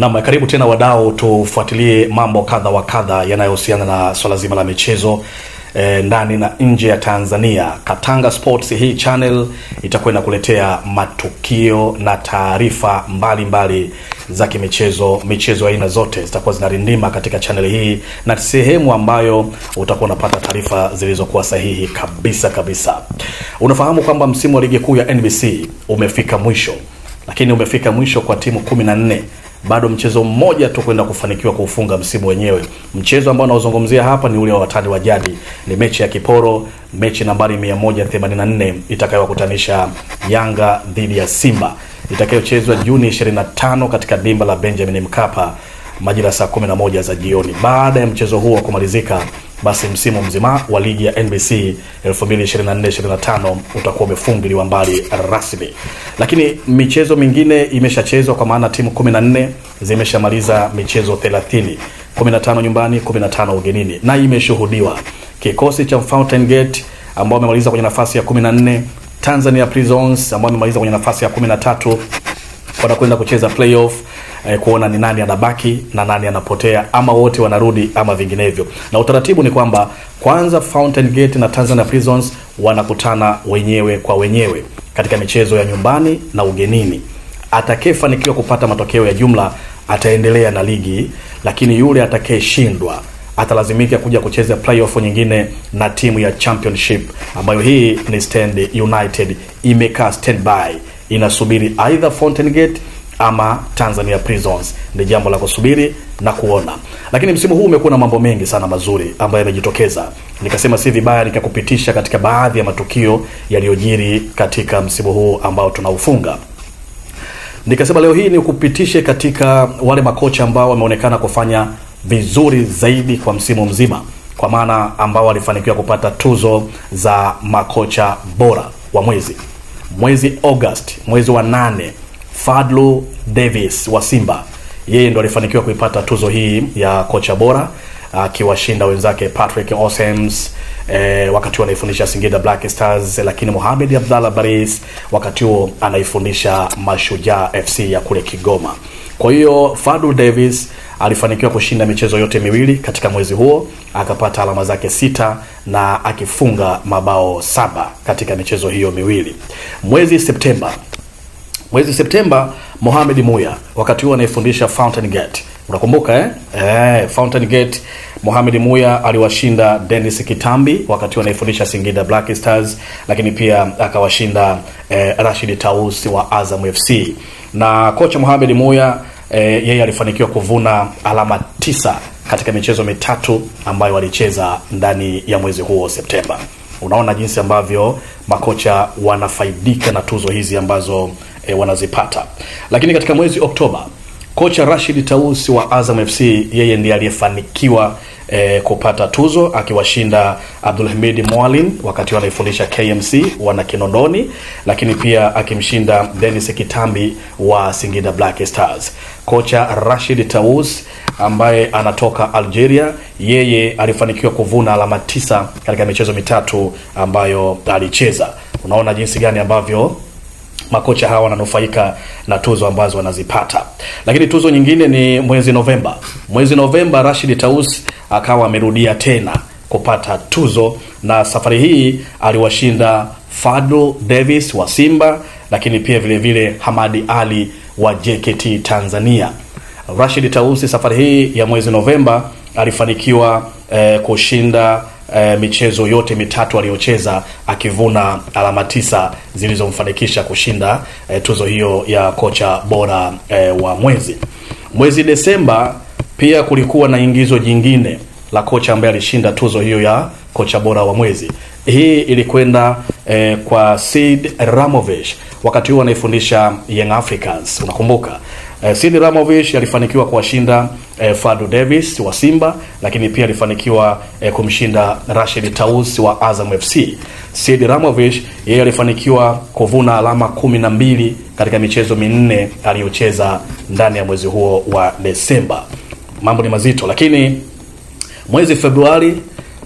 Naam, karibu tena wadau, tufuatilie mambo kadha wa kadha yanayohusiana na swala zima la michezo E, ndani na nje ya Tanzania. Katanga Sports hii channel itakuwa inakuletea matukio na taarifa mbalimbali za kimichezo, michezo aina zote zitakuwa zinarindima katika channel hii, na sehemu ambayo utakuwa unapata taarifa zilizokuwa sahihi kabisa kabisa. Unafahamu kwamba msimu wa ligi kuu ya NBC umefika mwisho, lakini umefika mwisho kwa timu 14 bado mchezo mmoja tu kwenda kufanikiwa kuufunga msimu wenyewe. Mchezo ambao naozungumzia hapa ni ule wa watani wa jadi, ni mechi ya kiporo, mechi nambari 184 itakayowakutanisha Yanga dhidi ya Simba itakayochezwa Juni 25 katika dimba la Benjamin Mkapa majira saa 11 za jioni. Baada ya mchezo huo kumalizika basi msimu mzima wa ligi ya NBC 2024-2025 utakuwa umefungiliwa mbali rasmi. Lakini michezo mingine imeshachezwa kwa maana timu 14 zimeshamaliza michezo 30, 15 nyumbani, 15 ugenini, na imeshuhudiwa kikosi cha Fountain Gate ambao wamemaliza kwenye nafasi ya 14, Tanzania Prisons ambao wamemaliza kwenye nafasi ya 13 wanakwenda kucheza playoff eh, kuona ni nani anabaki na nani anapotea, ama wote wanarudi ama vinginevyo. Na utaratibu ni kwamba kwanza Fountain Gate na Tanzania Prisons wanakutana wenyewe kwa wenyewe katika michezo ya nyumbani na ugenini. Atakayefanikiwa kupata matokeo ya jumla ataendelea na ligi, lakini yule atakayeshindwa atalazimika kuja kucheza playoff nyingine na timu ya championship ambayo hii ni Stand United imekaa standby inasubiri either Fountain Gate ama Tanzania Prisons. Ni jambo la kusubiri na kuona, lakini msimu huu umekuwa na mambo mengi sana mazuri ambayo yamejitokeza. Nikasema si vibaya nikakupitisha katika baadhi ya matukio yaliyojiri katika msimu huu ambao tunaufunga. Nikasema leo hii nikupitishe katika wale makocha ambao wameonekana kufanya vizuri zaidi kwa msimu mzima, kwa maana ambao walifanikiwa kupata tuzo za makocha bora wa mwezi mwezi August, mwezi wa nane Fadlu Davis wa Simba, yeye ndo alifanikiwa kuipata tuzo hii ya kocha bora akiwashinda wenzake Patrick Osems eh, wakati huo anaifundisha Singida Black Stars, lakini Mohamed Abdallah Baris wakati huo anaifundisha Mashujaa FC ya kule Kigoma. Kwa hiyo Fadlu Davis alifanikiwa kushinda michezo yote miwili katika mwezi huo, akapata alama zake sita na akifunga mabao saba katika michezo hiyo miwili. Mwezi Septemba mwezi Septemba, Mohamed Muya wakati huo anayefundisha Fountain Gate, unakumbuka eh? Eh, Fountain Gate Mohamed Muya aliwashinda Dennis Kitambi wakati huo anayefundisha Singida Black Stars, lakini pia akawashinda eh, Rashid Tausi wa Azam FC na kocha Mohamed Muya eh, yeye alifanikiwa kuvuna alama tisa katika michezo mitatu ambayo walicheza ndani ya mwezi huo Septemba. Unaona jinsi ambavyo makocha wanafaidika na tuzo hizi ambazo e, wanazipata. Lakini katika mwezi Oktoba kocha Rashid Tausi wa Azam FC yeye ndiye aliyefanikiwa e, kupata tuzo akiwashinda Abdulhamid Mwalin wakati wanaifundisha KMC wana Kinondoni, lakini pia akimshinda Dennis Kitambi wa Singida Black Stars. Kocha Rashid Taus ambaye anatoka Algeria, yeye alifanikiwa kuvuna alama tisa katika michezo mitatu ambayo alicheza. Unaona jinsi gani ambavyo makocha hawa wananufaika na tuzo ambazo wanazipata. Lakini tuzo nyingine ni mwezi Novemba. Mwezi Novemba Rashid Taus akawa amerudia tena kupata tuzo, na safari hii aliwashinda Fadlu Davis wa Simba, lakini pia vile vile Hamadi Ali wa JKT Tanzania. Rashid Tausi safari hii ya mwezi Novemba alifanikiwa eh, kushinda e, michezo yote mitatu aliyocheza akivuna alama tisa zilizomfanikisha kushinda e, tuzo hiyo ya kocha bora e, wa mwezi. Mwezi Desemba pia kulikuwa na ingizo jingine la kocha ambaye alishinda tuzo hiyo ya kocha bora wa mwezi. Hii ilikwenda eh, kwa Sid Ramovich wakati huo anaifundisha Young Africans, unakumbuka Eh, Sid Ramovich alifanikiwa kuwashinda eh, Fadu Davis wa Simba, lakini pia alifanikiwa eh, kumshinda Rashid Taus wa Azam FC. Sid Ramovich yeye alifanikiwa kuvuna alama kumi na mbili katika michezo minne aliyocheza ndani ya mwezi huo wa Desemba. Mambo ni mazito, lakini mwezi Februari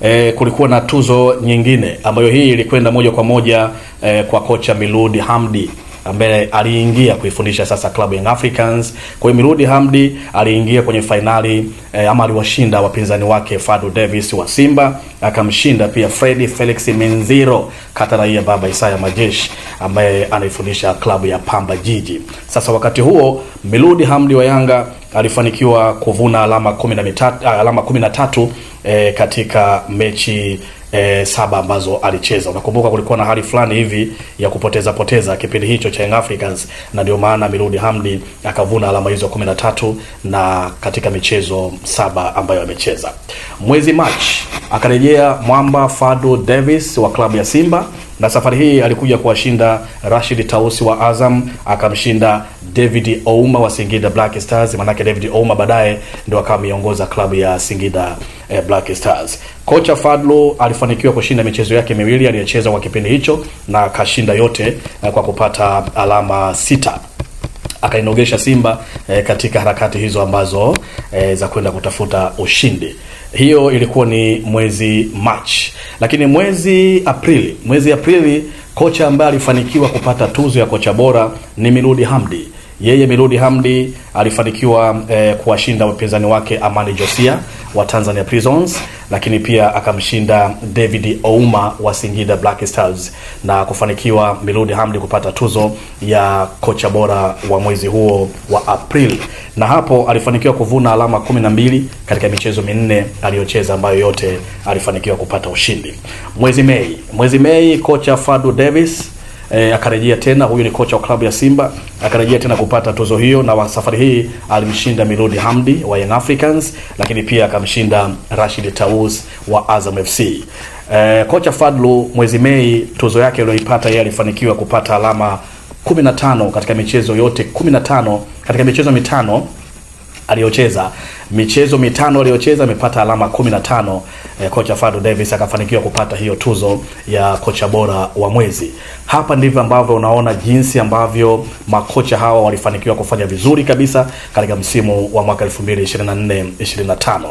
eh, kulikuwa na tuzo nyingine ambayo hii ilikwenda moja kwa moja eh, kwa kocha Miludi Hamdi ambaye aliingia kuifundisha sasa klabu Young Africans. Kwa hiyo Mirudi Hamdi aliingia kwenye fainali eh, ama aliwashinda wapinzani wake Fadu Davis wa Simba, akamshinda pia Freddy Felix Menziro kataraia baba Isaya Majeshi ambaye anaifundisha klabu ya Pamba Jiji. Sasa wakati huo Mirudi Hamdi wa Yanga alifanikiwa kuvuna alama kumi na tatu eh, katika mechi e, saba ambazo alicheza. Unakumbuka kulikuwa na hali fulani hivi ya kupoteza poteza kipindi hicho cha Young Africans, na ndio maana Miludi Hamdi akavuna alama hizo 13 na katika michezo saba ambayo amecheza. Mwezi Machi akarejea mwamba Fado Davis wa klabu ya Simba na safari hii alikuja kuwashinda Rashid Tausi wa Azam, akamshinda David Ouma wa Singida Black Stars. manake David Ouma baadaye ndio akawa ameongoza klabu ya Singida eh, Black Stars. Kocha Fadlu alifanikiwa kushinda michezo yake miwili aliyocheza kwa kipindi hicho na akashinda yote eh, kwa kupata alama sita akainogesha Simba e, katika harakati hizo ambazo e, za kwenda kutafuta ushindi. Hiyo ilikuwa ni mwezi March, lakini mwezi Aprili, mwezi Aprili kocha ambaye alifanikiwa kupata tuzo ya kocha bora ni Miludi Hamdi. Yeye Miludi Hamdi alifanikiwa e, kuwashinda wapinzani wake Amani Josia wa Tanzania Prisons lakini pia akamshinda David Ouma wa Singida Black Stars na kufanikiwa Miludi Hamdi kupata tuzo ya kocha bora wa mwezi huo wa Aprili, na hapo alifanikiwa kuvuna alama 12 katika michezo minne aliyocheza ambayo yote alifanikiwa kupata ushindi. Mwezi Mei, mwezi Mei kocha Fadu Davis e, akarejea tena. Huyu ni kocha wa klabu ya Simba, akarejea tena kupata tuzo hiyo, na safari hii alimshinda Mirudi Hamdi wa Young Africans, lakini pia akamshinda Rashid Taus wa Azam FC. E, eh, kocha Fadlu mwezi Mei tuzo yake aliyoipata yeye, alifanikiwa kupata alama 15 katika michezo yote 15 katika michezo mitano aliyocheza michezo mitano aliyocheza amepata alama 15. Eh, kocha Fado Davis akafanikiwa kupata hiyo tuzo ya kocha bora wa mwezi. Hapa ndivyo ambavyo unaona jinsi ambavyo makocha hawa walifanikiwa kufanya vizuri kabisa katika msimu wa mwaka 2024 25.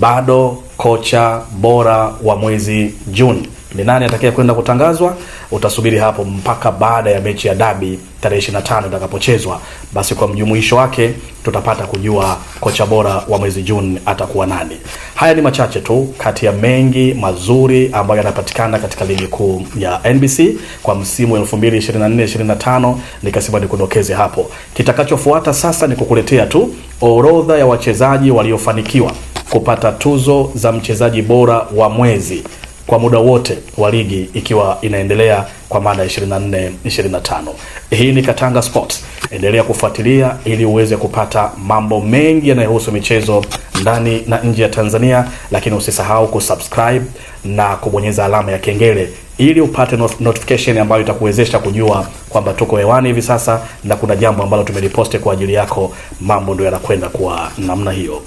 Bado kocha bora wa mwezi Juni ni nani atakaye kwenda kutangazwa. Utasubiri hapo mpaka baada ya mechi ya dabi tarehe 25 itakapochezwa, basi kwa mjumuisho wake tutapata kujua kocha bora wa mwezi Juni atakuwa nani. Haya ni machache tu kati ya mengi mazuri ambayo yanapatikana katika ligi kuu ya NBC kwa msimu 2024-2025. Nikasema nikudokeze hapo. Kitakachofuata sasa ni kukuletea tu orodha ya wachezaji waliofanikiwa kupata tuzo za mchezaji bora wa mwezi kwa muda wote wa ligi ikiwa inaendelea kwa mada 24 25. Hii ni Katanga Sports, endelea kufuatilia ili uweze kupata mambo mengi yanayohusu michezo ndani na nje ya Tanzania, lakini usisahau kusubscribe na kubonyeza alama ya kengele ili upate notification ambayo itakuwezesha kujua kwamba tuko hewani hivi sasa na kuna jambo ambalo tumeliposte kwa ajili yako. Mambo ndio yanakwenda kwa namna hiyo.